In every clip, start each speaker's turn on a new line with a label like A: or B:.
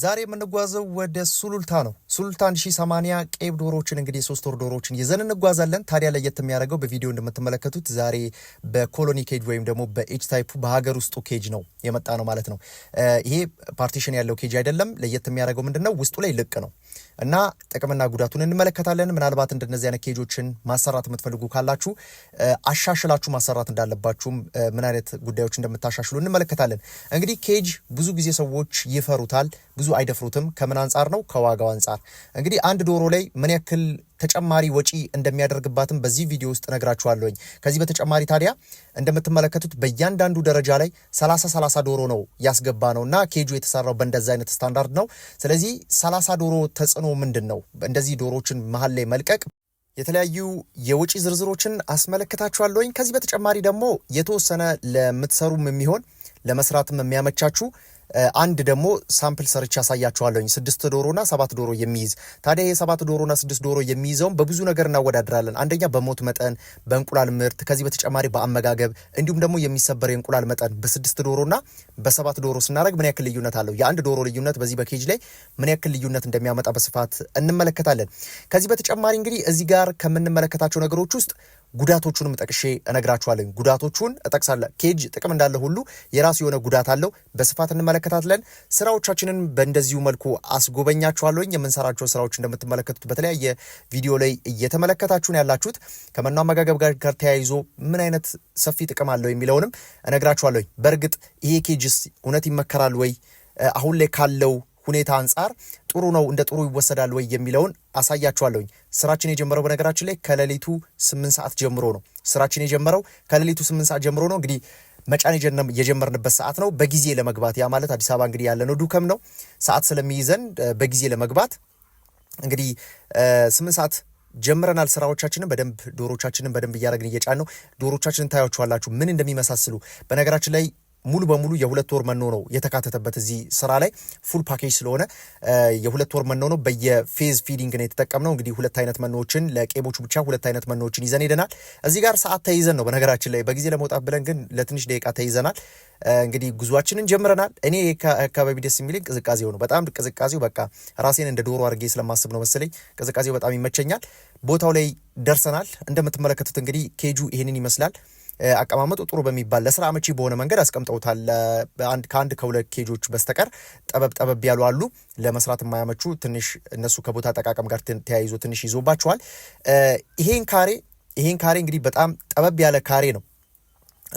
A: ዛሬ የምንጓዘው ወደ ሱሉልታ ነው። ሱሉልታ 1080 ቄብ ዶሮዎችን እንግዲህ የሶስት ወር ዶሮዎችን ይዘን እንጓዛለን። ታዲያ ለየት የሚያደርገው በቪዲዮ እንደምትመለከቱት ዛሬ በኮሎኒ ኬጅ ወይም ደግሞ በኤች ታይፑ በሀገር ውስጡ ኬጅ ነው የመጣ ነው ማለት ነው። ይሄ ፓርቲሽን ያለው ኬጅ አይደለም። ለየት የሚያደርገው ምንድን ነው? ውስጡ ላይ ልቅ ነው እና ጥቅምና ጉዳቱን እንመለከታለን። ምናልባት እንደነዚህ አይነት ኬጆችን ማሰራት የምትፈልጉ ካላችሁ አሻሽላችሁ ማሰራት እንዳለባችሁም ምን አይነት ጉዳዮች እንደምታሻሽሉ እንመለከታለን። እንግዲህ ኬጅ ብዙ ጊዜ ሰዎች ይፈሩታል፣ ብዙ አይደፍሩትም። ከምን አንጻር ነው? ከዋጋው አንጻር። እንግዲህ አንድ ዶሮ ላይ ምን ያክል ተጨማሪ ወጪ እንደሚያደርግባትም በዚህ ቪዲዮ ውስጥ ነግራችኋለሁኝ። ከዚህ በተጨማሪ ታዲያ እንደምትመለከቱት በእያንዳንዱ ደረጃ ላይ 30 30 ዶሮ ነው ያስገባ ነው እና ኬጁ የተሰራው በእንደዚ አይነት ስታንዳርድ ነው። ስለዚህ 30 ዶሮ ተጽዕኖ ምንድን ነው? እንደዚህ ዶሮዎችን መሀል ላይ መልቀቅ የተለያዩ የወጪ ዝርዝሮችን አስመለክታችኋለሁኝ። ከዚህ በተጨማሪ ደግሞ የተወሰነ ለምትሰሩም የሚሆን ለመስራትም የሚያመቻችሁ አንድ ደግሞ ሳምፕል ሰርች ያሳያችኋለሁኝ ስድስት ዶሮና ሰባት ዶሮ የሚይዝ ታዲያ የሰባት ዶሮና ስድስት ዶሮ የሚይዘውን በብዙ ነገር እናወዳድራለን። አንደኛ በሞት መጠን፣ በእንቁላል ምርት፣ ከዚህ በተጨማሪ በአመጋገብ እንዲሁም ደግሞ የሚሰበር የእንቁላል መጠን በስድስት ዶሮና በሰባት ዶሮ ስናደርግ ምን ያክል ልዩነት አለው፣ የአንድ ዶሮ ልዩነት በዚህ በኬጅ ላይ ምን ያክል ልዩነት እንደሚያመጣ በስፋት እንመለከታለን። ከዚህ በተጨማሪ እንግዲህ እዚህ ጋር ከምንመለከታቸው ነገሮች ውስጥ ጉዳቶቹንም ጠቅሼ እነግራችኋለን። ጉዳቶቹን እጠቅሳለሁ። ኬጅ ጥቅም እንዳለ ሁሉ የራሱ የሆነ ጉዳት አለው። በስፋት እንመለከታለን። ስራዎቻችንን በእንደዚሁ መልኩ አስጎበኛችኋለኝ። የምንሰራቸው ስራዎች እንደምትመለከቱት በተለያየ ቪዲዮ ላይ እየተመለከታችሁን ያላችሁት ከመኖ አመጋገብ ጋር ተያይዞ ምን አይነት ሰፊ ጥቅም አለው የሚለውንም እነግራችኋለኝ። በእርግጥ ይሄ ኬጅስ እውነት ይመከራል ወይ አሁን ላይ ካለው ሁኔታ አንጻር ጥሩ ነው እንደ ጥሩ ይወሰዳል ወይ የሚለውን አሳያችኋለሁኝ። ስራችን የጀመረው በነገራችን ላይ ከሌሊቱ ስምንት ሰዓት ጀምሮ ነው። ስራችን የጀመረው ከሌሊቱ ስምንት ሰዓት ጀምሮ ነው። እንግዲህ መጫን የጀመርንበት ሰዓት ነው። በጊዜ ለመግባት ያ ማለት አዲስ አበባ እንግዲህ ያለነው ዱከም ነው። ሰዓት ስለሚይዘን በጊዜ ለመግባት እንግዲህ ስምንት ሰዓት ጀምረናል ስራዎቻችንን በደንብ ዶሮቻችንን በደንብ እያደረግን እየጫን ነው። ዶሮቻችንን ታያችኋላችሁ ምን እንደሚመሳስሉ በነገራችን ላይ ሙሉ በሙሉ የሁለት ወር መኖ ነው የተካተተበት እዚህ ስራ ላይ ፉል ፓኬጅ ስለሆነ የሁለት ወር መኖ ነው። በየፌዝ ፊዲንግ ነው የተጠቀምነው። እንግዲህ ሁለት አይነት መኖዎችን ለቄቦቹ ብቻ ሁለት አይነት መኖዎችን ይዘን ሄደናል። እዚህ ጋር ሰዓት ተይዘን ነው በነገራችን ላይ በጊዜ ለመውጣት ብለን ግን ለትንሽ ደቂቃ ተይዘናል። እንግዲህ ጉዟችንን ጀምረናል። እኔ አካባቢ ደስ የሚለኝ ቅዝቃዜው ነው። በጣም ቅዝቃዜው በቃ ራሴን እንደ ዶሮ አድርጌ ስለማስብ ነው መሰለኝ ቅዝቃዜው በጣም ይመቸኛል። ቦታው ላይ ደርሰናል። እንደምትመለከቱት እንግዲህ ኬጁ ይህንን ይመስላል። አቀማመጡ ጥሩ በሚባል ለስራ አመቺ በሆነ መንገድ አስቀምጠውታል። ከአንድ ከሁለት ኬጆች በስተቀር ጠበብ ጠበብ ያሉ አሉ ለመስራት የማያመቹ ትንሽ እነሱ ከቦታ አጠቃቀም ጋር ተያይዞ ትንሽ ይዞባቸዋል። ይሄን ካሬ ይሄን ካሬ እንግዲህ በጣም ጠበብ ያለ ካሬ ነው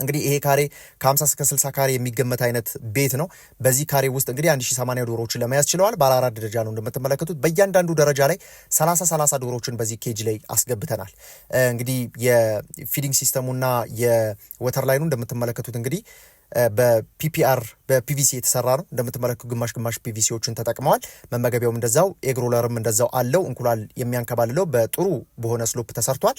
A: እንግዲህ ይሄ ካሬ ከ50 እስከ 60 ካሬ የሚገመት አይነት ቤት ነው። በዚህ ካሬ ውስጥ እንግዲህ 1080 ዶሮዎችን ለመያዝ ችለዋል። ባለ አራት ደረጃ ነው እንደምትመለከቱት። በእያንዳንዱ ደረጃ ላይ 30 30 ዶሮዎችን በዚህ ኬጅ ላይ አስገብተናል። እንግዲህ የፊዲንግ ሲስተሙና የወተር ላይኑ እንደምትመለከቱት እንግዲህ በፒፒአር በፒቪሲ የተሰራ ነው እንደምትመለከቱ፣ ግማሽ ግማሽ ፒቪሲዎችን ተጠቅመዋል። መመገቢያውም እንደዛው፣ ኤግሮለርም እንደዛው አለው። እንቁላል የሚያንከባልለው በጥሩ በሆነ ስሎፕ ተሰርቷል።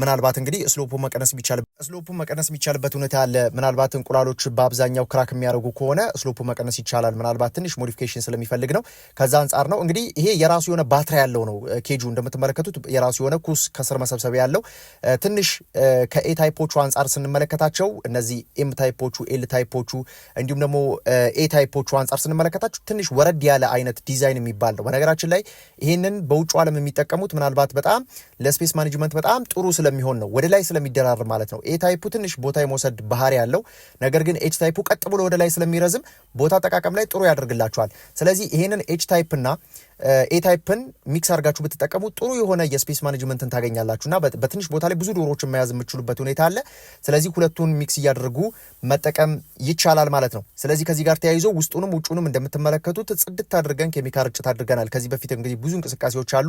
A: ምናልባት እንግዲህ ስሎፑ መቀነስ የሚቻልበት ስሎፑ መቀነስ የሚቻልበት ሁኔታ አለ። ምናልባት እንቁላሎች በአብዛኛው ክራክ የሚያደርጉ ከሆነ ስሎፑ መቀነስ ይቻላል። ምናልባት ትንሽ ሞዲፊኬሽን ስለሚፈልግ ነው። ከዛ አንጻር ነው እንግዲህ ይሄ የራሱ የሆነ ባትሪ ያለው ነው። ኬጁ እንደምትመለከቱት የራሱ የሆነ ኩስ ከስር መሰብሰቢያ ያለው ትንሽ ከኤ ታይፖቹ አንጻር ስንመለከታቸው እነዚህ ኤም ታይፖቹ ኤል ታይፖቹ እንዲ እንዲሁም ደግሞ ኤ ታይፖቹ አንጻር ስንመለከታችሁ ትንሽ ወረድ ያለ አይነት ዲዛይን የሚባል ነው። በነገራችን ላይ ይህንን በውጭ ዓለም የሚጠቀሙት ምናልባት በጣም ለስፔስ ማኔጅመንት በጣም ጥሩ ስለሚሆን ነው፣ ወደ ላይ ስለሚደራር ማለት ነው። ኤ ታይፑ ትንሽ ቦታ የመውሰድ ባህሪ ያለው ነገር ግን ኤች ታይፑ ቀጥ ብሎ ወደ ላይ ስለሚረዝም ቦታ አጠቃቀም ላይ ጥሩ ያደርግላቸዋል። ስለዚህ ይህንን ኤች ታይፕና ኤታይፕን ሚክስ አድርጋችሁ ብትጠቀሙ ጥሩ የሆነ የስፔስ ማኔጅመንትን ታገኛላችሁ እና በትንሽ ቦታ ላይ ብዙ ዶሮዎችን መያዝ የምችሉበት ሁኔታ አለ። ስለዚህ ሁለቱን ሚክስ እያደረጉ መጠቀም ይቻላል ማለት ነው። ስለዚህ ከዚህ ጋር ተያይዞ ውስጡንም ውጩንም እንደምትመለከቱት ጽድት አድርገን ኬሚካል ርጭት አድርገናል። ከዚህ በፊት እንግዲህ ብዙ እንቅስቃሴዎች አሉ።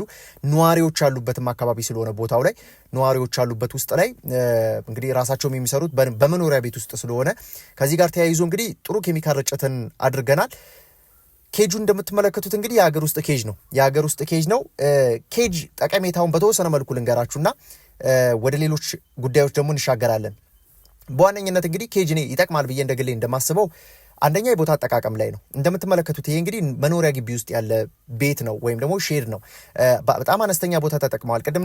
A: ነዋሪዎች ያሉበትም አካባቢ ስለሆነ ቦታው ላይ ነዋሪዎች ያሉበት ውስጥ ላይ እንግዲህ ራሳቸውም የሚሰሩት በመኖሪያ ቤት ውስጥ ስለሆነ ከዚህ ጋር ተያይዞ እንግዲህ ጥሩ ኬሚካል ርጭትን አድርገናል። ኬጁ እንደምትመለከቱት እንግዲህ የሀገር ውስጥ ኬጅ ነው። የሀገር ውስጥ ኬጅ ነው። ኬጅ ጠቀሜታውን በተወሰነ መልኩ ልንገራችሁና ወደ ሌሎች ጉዳዮች ደግሞ እንሻገራለን። በዋነኝነት እንግዲህ ኬጅ እኔ ይጠቅማል ብዬ እንደግሌ እንደማስበው አንደኛ የቦታ አጠቃቀም ላይ ነው። እንደምትመለከቱት ይሄ እንግዲህ መኖሪያ ግቢ ውስጥ ያለ ቤት ነው ወይም ደግሞ ሼድ ነው። በጣም አነስተኛ ቦታ ተጠቅመዋል። ቅድም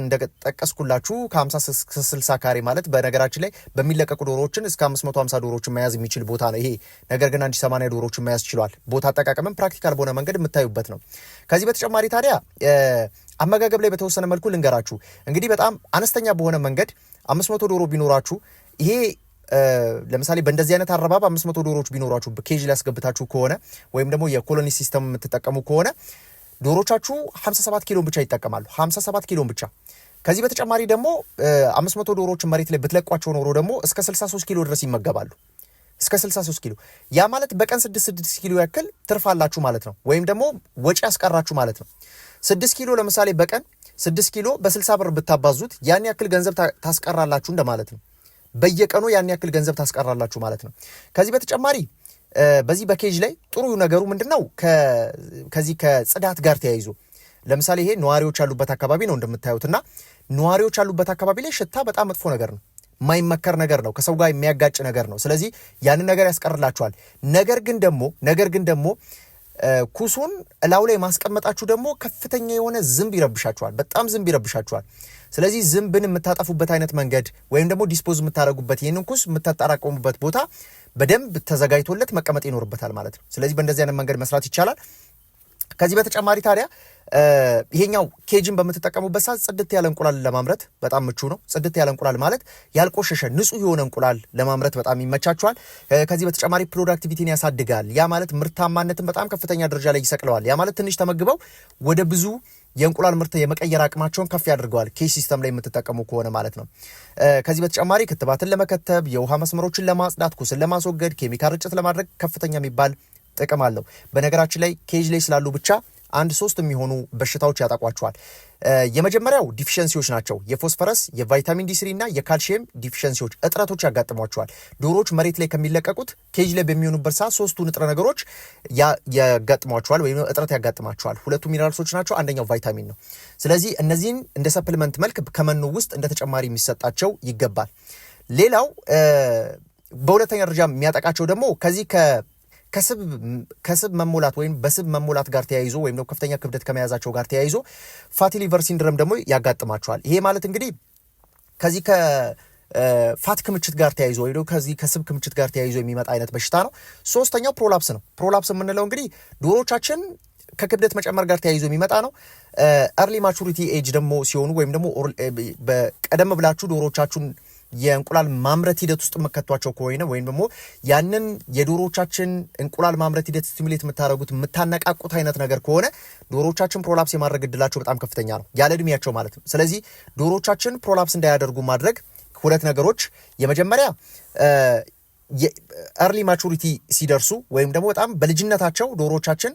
A: እንደጠቀስኩላችሁ ከ50 60 ካሬ ማለት በነገራችን ላይ በሚለቀቁ ዶሮዎችን እስከ 550 ዶሮዎችን መያዝ የሚችል ቦታ ነው ይሄ። ነገር ግን 180 ዶሮዎችን መያዝ ችሏል። ቦታ አጠቃቀምም ፕራክቲካል በሆነ መንገድ የምታዩበት ነው። ከዚህ በተጨማሪ ታዲያ አመጋገብ ላይ በተወሰነ መልኩ ልንገራችሁ። እንግዲህ በጣም አነስተኛ በሆነ መንገድ 500 ዶሮ ቢኖራችሁ ይሄ ለምሳሌ በእንደዚህ አይነት አረባብ አምስት መቶ ዶሮዎች ቢኖሯችሁ በኬጅ ላይ ያስገብታችሁ ከሆነ ወይም ደግሞ የኮሎኒ ሲስተም የምትጠቀሙ ከሆነ ዶሮቻችሁ 57 ኪሎን ብቻ ይጠቀማሉ። 57 ኪሎን ብቻ። ከዚህ በተጨማሪ ደግሞ 500 ዶሮዎችን መሬት ላይ ብትለቋቸው ኖሮ ደግሞ እስከ 63 ኪሎ ድረስ ይመገባሉ። እስከ 63 ኪሎ ያ ማለት በቀን 66 6 ኪሎ ያክል ትርፋላችሁ ማለት ነው። ወይም ደግሞ ወጪ ያስቀራችሁ ማለት ነው። 6 ኪሎ ለምሳሌ በቀን 6 ኪሎ በ60 ብር ብታባዙት ያን ያክል ገንዘብ ታስቀራላችሁ እንደማለት ነው። በየቀኑ ያን ያክል ገንዘብ ታስቀራላችሁ ማለት ነው። ከዚህ በተጨማሪ በዚህ በኬጅ ላይ ጥሩ ነገሩ ምንድን ነው? ከዚህ ከጽዳት ጋር ተያይዞ ለምሳሌ ይሄ ነዋሪዎች ያሉበት አካባቢ ነው እንደምታዩት እና ነዋሪዎች ያሉበት አካባቢ ላይ ሽታ በጣም መጥፎ ነገር ነው። የማይመከር ነገር ነው። ከሰው ጋር የሚያጋጭ ነገር ነው። ስለዚህ ያንን ነገር ያስቀርላችኋል። ነገር ግን ደግሞ ነገር ግን ደግሞ ኩሱን እላው ላይ ማስቀመጣችሁ ደግሞ ከፍተኛ የሆነ ዝንብ ይረብሻችኋል። በጣም ዝንብ ይረብሻችኋል። ስለዚህ ዝንብን የምታጠፉበት አይነት መንገድ ወይም ደግሞ ዲስፖዝ የምታደረጉበት ይህንን ኩስ የምታጠራቀሙበት ቦታ በደንብ ተዘጋጅቶለት መቀመጥ ይኖርበታል ማለት ነው። ስለዚህ በእንደዚህ አይነት መንገድ መስራት ይቻላል። ከዚህ በተጨማሪ ታዲያ ይሄኛው ኬጅን በምትጠቀሙበት ሰዓት ጽድት ያለ እንቁላል ለማምረት በጣም ምቹ ነው። ጽድት ያለ እንቁላል ማለት ያልቆሸሸ ንጹህ የሆነ እንቁላል ለማምረት በጣም ይመቻችኋል። ከዚህ በተጨማሪ ፕሮዳክቲቪቲን ያሳድጋል። ያ ማለት ምርታማነትን በጣም ከፍተኛ ደረጃ ላይ ይሰቅለዋል። ያ ማለት ትንሽ ተመግበው ወደ ብዙ የእንቁላል ምርት የመቀየር አቅማቸውን ከፍ ያደርገዋል። ኬጅ ሲስተም ላይ የምትጠቀሙ ከሆነ ማለት ነው። ከዚህ በተጨማሪ ክትባትን ለመከተብ፣ የውሃ መስመሮችን ለማጽዳት፣ ኩስን ለማስወገድ፣ ኬሚካል ርጭት ለማድረግ ከፍተኛ የሚባል ጥቅም አለው። በነገራችን ላይ ኬጅ ላይ ስላሉ ብቻ አንድ ሶስት የሚሆኑ በሽታዎች ያጠቋቸዋል። የመጀመሪያው ዲፊሸንሲዎች ናቸው። የፎስፈረስ የቫይታሚን ዲስሪ እና የካልሽየም ዲፊሸንሲዎች እጥረቶች ያጋጥሟቸዋል። ዶሮዎች መሬት ላይ ከሚለቀቁት ኬጅ ላይ በሚሆኑበት ሰዓት ሶስቱ ንጥረ ነገሮች ያጋጥሟቸዋል ወይም እጥረት ያጋጥማቸዋል። ሁለቱ ሚነራልሶች ናቸው፣ አንደኛው ቫይታሚን ነው። ስለዚህ እነዚህን እንደ ሰፕልመንት መልክ ከመኖ ውስጥ እንደ ተጨማሪ የሚሰጣቸው ይገባል። ሌላው በሁለተኛ ደረጃ የሚያጠቃቸው ደግሞ ከዚህ ከስብ መሞላት ወይም በስብ መሞላት ጋር ተያይዞ ወይም ደግሞ ከፍተኛ ክብደት ከመያዛቸው ጋር ተያይዞ ፋቲ ሊቨር ሲንድረም ደግሞ ያጋጥማቸዋል። ይሄ ማለት እንግዲህ ከዚህ ከፋት ክምችት ጋር ተያይዞ ወይ ከዚህ ከስብ ክምችት ጋር ተያይዞ የሚመጣ አይነት በሽታ ነው። ሶስተኛው ፕሮላፕስ ነው። ፕሮላፕስ የምንለው እንግዲህ ዶሮቻችን ከክብደት መጨመር ጋር ተያይዞ የሚመጣ ነው። ኤርሊ ማቹሪቲ ኤጅ ደግሞ ሲሆኑ ወይም ደግሞ ቀደም ብላችሁ ዶሮቻችሁን የእንቁላል ማምረት ሂደት ውስጥ መከቷቸው ከሆነ ወይም ደግሞ ያንን የዶሮቻችን እንቁላል ማምረት ሂደት ስቲሙሌት የምታደረጉት የምታነቃቁት አይነት ነገር ከሆነ ዶሮቻችን ፕሮላፕስ የማድረግ እድላቸው በጣም ከፍተኛ ነው፣ ያለ እድሜያቸው ማለት ነው። ስለዚህ ዶሮቻችን ፕሮላፕስ እንዳያደርጉ ማድረግ ሁለት ነገሮች፣ የመጀመሪያ የእርሊ ማቹሪቲ ሲደርሱ ወይም ደግሞ በጣም በልጅነታቸው ዶሮቻችን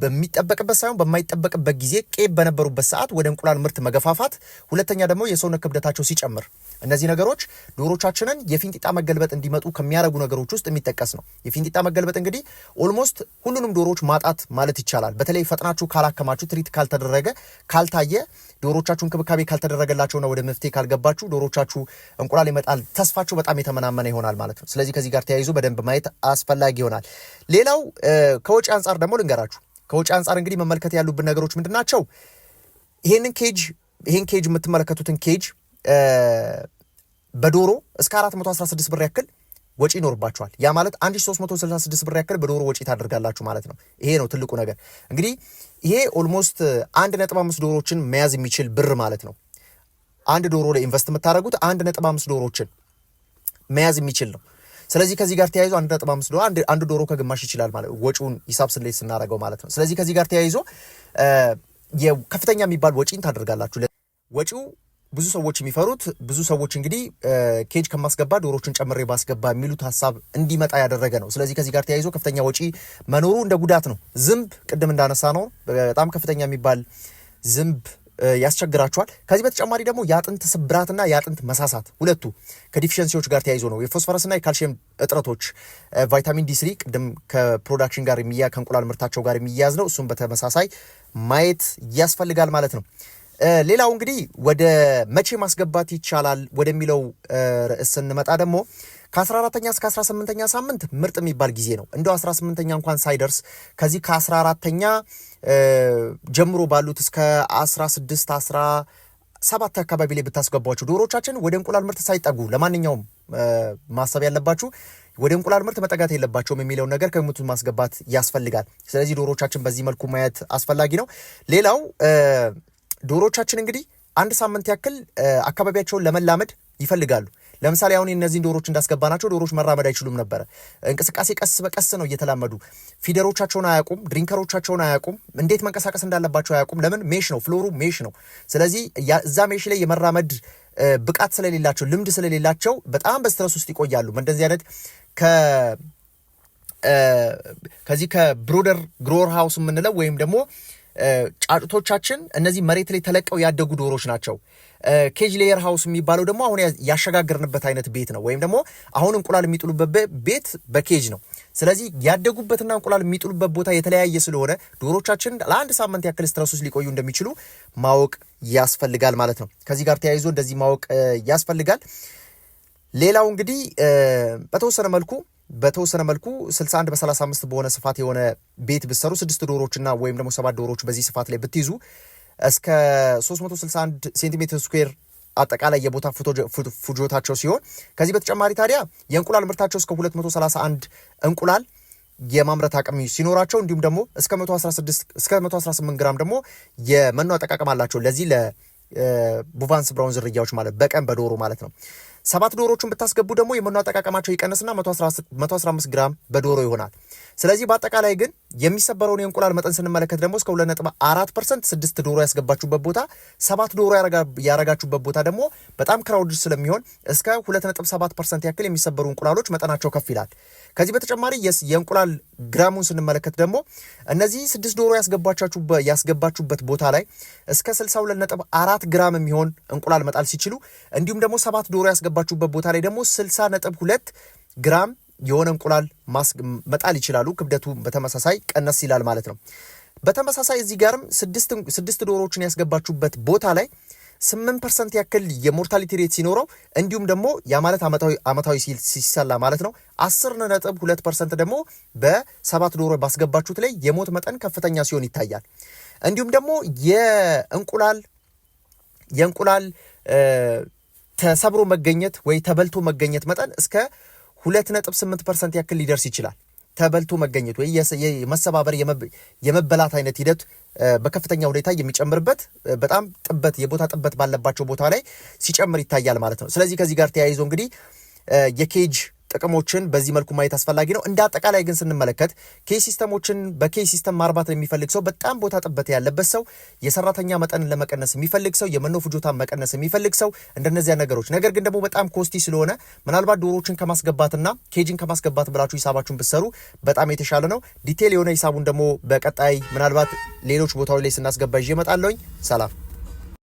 A: በሚጠበቅበት ሳይሆን በማይጠበቅበት ጊዜ ቄብ በነበሩበት ሰዓት ወደ እንቁላል ምርት መገፋፋት፣ ሁለተኛ ደግሞ የሰውነት ክብደታቸው ሲጨምር፣ እነዚህ ነገሮች ዶሮቻችንን የፊንጢጣ መገልበጥ እንዲመጡ ከሚያደርጉ ነገሮች ውስጥ የሚጠቀስ ነው። የፊንጢጣ መገልበጥ እንግዲህ ኦልሞስት ሁሉንም ዶሮዎች ማጣት ማለት ይቻላል። በተለይ ፈጥናችሁ ካላከማችሁ፣ ትሪት ካልተደረገ፣ ካልታየ፣ ዶሮቻችሁ እንክብካቤ ካልተደረገላቸውና ወደ መፍትሄ ካልገባችሁ፣ ዶሮቻችሁ እንቁላል ይመጣል ተስፋችሁ በጣም የተመናመነ ይሆናል ማለት ነው። ስለዚህ ከዚህ ጋር ተያይዞ በደንብ ማየት አስፈላጊ ይሆናል። ሌላው ከወጪ አንጻር ደግሞ ልንገራችሁ ከውጭ አንጻር እንግዲህ መመልከት ያሉብን ነገሮች ምንድን ናቸው? ይህንን ኬጅ ይህን ኬጅ የምትመለከቱትን ኬጅ በዶሮ እስከ 416 ብር ያክል ወጪ ይኖርባቸዋል። ያ ማለት 1366 ብር ያክል በዶሮ ወጪ ታደርጋላችሁ ማለት ነው። ይሄ ነው ትልቁ ነገር እንግዲህ ይሄ ኦልሞስት አንድ ነጥብ አምስት ዶሮዎችን መያዝ የሚችል ብር ማለት ነው። አንድ ዶሮ ላይ ኢንቨስት የምታደርጉት አንድ ነጥብ አምስት ዶሮዎችን መያዝ የሚችል ነው። ስለዚህ ከዚህ ጋር ተያይዞ አንድ ነጥብ አምስት ዶላር አንድ ዶሮ ከግማሽ ይችላል ማለት ወጪውን ሂሳብ ስሌት ስናደርገው ማለት ነው። ስለዚህ ከዚህ ጋር ተያይዞ ከፍተኛ የሚባል ወጪን ታደርጋላችሁ። ወጪው ብዙ ሰዎች የሚፈሩት ብዙ ሰዎች እንግዲህ ኬጅ ከማስገባ ዶሮችን ጨምሬ ባስገባ የሚሉት ሀሳብ እንዲመጣ ያደረገ ነው። ስለዚህ ከዚህ ጋር ተያይዞ ከፍተኛ ወጪ መኖሩ እንደ ጉዳት ነው። ዝንብ ቅድም እንዳነሳ ነው በጣም ከፍተኛ የሚባል ዝንብ ያስቸግራቸዋል። ከዚህ በተጨማሪ ደግሞ የአጥንት ስብራትና የአጥንት መሳሳት ሁለቱ ከዲፊሸንሲዎች ጋር ተያይዞ ነው። የፎስፈረስና የካልሽየም እጥረቶች፣ ቫይታሚን ዲ ስሪ ቅድም ከፕሮዳክሽን ጋር የሚያ ከእንቁላል ምርታቸው ጋር የሚያያዝ ነው። እሱም በተመሳሳይ ማየት ያስፈልጋል ማለት ነው። ሌላው እንግዲህ ወደ መቼ ማስገባት ይቻላል ወደሚለው ርዕስ ስንመጣ ደግሞ ከ14ተኛ እስከ 18ተኛ ሳምንት ምርጥ የሚባል ጊዜ ነው። እንደው 18ተኛ እንኳን ሳይደርስ ከዚህ ከ14ተኛ ጀምሮ ባሉት እስከ 16 17 አካባቢ ላይ ብታስገቧቸው ዶሮቻችን ወደ እንቁላል ምርት ሳይጠጉ ለማንኛውም ማሰብ ያለባችሁ ወደ እንቁላል ምርት መጠጋት የለባቸውም የሚለውን ነገር ከግምት ማስገባት ያስፈልጋል። ስለዚህ ዶሮቻችን በዚህ መልኩ ማየት አስፈላጊ ነው። ሌላው ዶሮቻችን እንግዲህ አንድ ሳምንት ያክል አካባቢያቸውን ለመላመድ ይፈልጋሉ። ለምሳሌ አሁን እነዚህን ዶሮች እንዳስገባናቸው ዶሮች መራመድ አይችሉም ነበረ። እንቅስቃሴ ቀስ በቀስ ነው እየተላመዱ። ፊደሮቻቸውን አያውቁም፣ ድሪንከሮቻቸውን አያውቁም፣ እንዴት መንቀሳቀስ እንዳለባቸው አያውቁም። ለምን ሜሽ ነው፣ ፍሎሩ ሜሽ ነው። ስለዚህ እዛ ሜሽ ላይ የመራመድ ብቃት ስለሌላቸው፣ ልምድ ስለሌላቸው በጣም በስትረስ ውስጥ ይቆያሉ። እንደዚህ አይነት ከ ከዚህ ከብሮደር ግሮር ሃውስ የምንለው ወይም ደግሞ ጫጩቶቻችን እነዚህ መሬት ላይ ተለቀው ያደጉ ዶሮች ናቸው። ኬጅ ሌየር ሀውስ የሚባለው ደግሞ አሁን ያሸጋገርንበት አይነት ቤት ነው፣ ወይም ደግሞ አሁን እንቁላል የሚጥሉበት ቤት በኬጅ ነው። ስለዚህ ያደጉበትና እንቁላል የሚጥሉበት ቦታ የተለያየ ስለሆነ ዶሮቻችን ለአንድ ሳምንት ያክል ስትረስ ውስጥ ሊቆዩ እንደሚችሉ ማወቅ ያስፈልጋል ማለት ነው። ከዚህ ጋር ተያይዞ እንደዚህ ማወቅ ያስፈልጋል። ሌላው እንግዲህ በተወሰነ መልኩ በተወሰነ መልኩ 61 በ35 በሆነ ስፋት የሆነ ቤት ብትሰሩ ስድስት ዶሮዎችና ወይም ደግሞ ሰባት ዶሮዎች በዚህ ስፋት ላይ ብትይዙ እስከ 361 ሴንቲሜትር ስኩዌር አጠቃላይ የቦታ ፍጆታቸው ሲሆን ከዚህ በተጨማሪ ታዲያ የእንቁላል ምርታቸው እስከ 231 እንቁላል የማምረት አቅም ሲኖራቸው እንዲሁም ደግሞ እስከ 116 እስከ 118 ግራም ደግሞ የመኖ አጠቃቀም አላቸው። ለዚህ ለቡቫንስ ብራውን ዝርያዎች ማለት በቀን በዶሮ ማለት ነው። ሰባት ዶሮዎቹን ብታስገቡ ደግሞ የመኖ አጠቃቀማቸው ይቀንስና 115 ግራም በዶሮ ይሆናል። ስለዚህ በአጠቃላይ ግን የሚሰበረውን የእንቁላል መጠን ስንመለከት ደግሞ እስከ አራት ፐርሰንት ስድስት ዶሮ ያስገባችሁበት ቦታ ሰባት ዶሮ ያረጋችሁበት ቦታ ደግሞ በጣም ክራውድ ስለሚሆን እስከ ሰባት ፐርሰንት ያክል የሚሰበሩ እንቁላሎች መጠናቸው ከፍ ይላል። ከዚህ በተጨማሪ የእንቁላል ግራሙን ስንመለከት ደግሞ እነዚህ ስድስት ዶሮ ያስገባችሁበት ቦታ ላይ እስከ አራት ግራም የሚሆን እንቁላል መጣል ሲችሉ እንዲሁም ደግሞ ሰባት ዶሮ ያስገባችሁበት ቦታ ላይ ደግሞ ሁለት ግራም የሆነ እንቁላል መጣል ይችላሉ። ክብደቱ በተመሳሳይ ቀነስ ይላል ማለት ነው። በተመሳሳይ እዚህ ጋርም ስድስት ዶሮዎችን ያስገባችሁበት ቦታ ላይ ስምንት ፐርሰንት ያክል የሞርታሊቲ ሬት ሲኖረው እንዲሁም ደግሞ ያ ማለት አመታዊ ሲሰላ ማለት ነው አስር ነጥብ ሁለት ፐርሰንት ደግሞ በሰባት ዶሮ ባስገባችሁት ላይ የሞት መጠን ከፍተኛ ሲሆን ይታያል። እንዲሁም ደግሞ የእንቁላል የእንቁላል ተሰብሮ መገኘት ወይ ተበልቶ መገኘት መጠን እስከ 2.8 ፐርሰንት ያክል ሊደርስ ይችላል። ተበልቶ መገኘት ወይ የመሰባበር የመበላት አይነት ሂደት በከፍተኛ ሁኔታ የሚጨምርበት በጣም ጥበት የቦታ ጥበት ባለባቸው ቦታ ላይ ሲጨምር ይታያል ማለት ነው። ስለዚህ ከዚህ ጋር ተያይዞ እንግዲህ የኬጅ ጥቅሞችን በዚህ መልኩ ማየት አስፈላጊ ነው። እንደ አጠቃላይ ግን ስንመለከት ኬ ሲስተሞችን በኬ ሲስተም ማርባት የሚፈልግ ሰው፣ በጣም ቦታ ጥበት ያለበት ሰው፣ የሰራተኛ መጠንን ለመቀነስ የሚፈልግ ሰው፣ የመኖ ፍጆታን መቀነስ የሚፈልግ ሰው እንደነዚያ ነገሮች ነገር ግን ደግሞ በጣም ኮስቲ ስለሆነ ምናልባት ዶሮችን ከማስገባትና ኬጅን ከማስገባት ብላችሁ ሂሳባችሁን ብትሰሩ በጣም የተሻለ ነው። ዲቴል የሆነ ሂሳቡን ደግሞ በቀጣይ ምናልባት ሌሎች ቦታዎች ላይ ስናስገባ ይዤ እመጣለሁኝ። ሰላም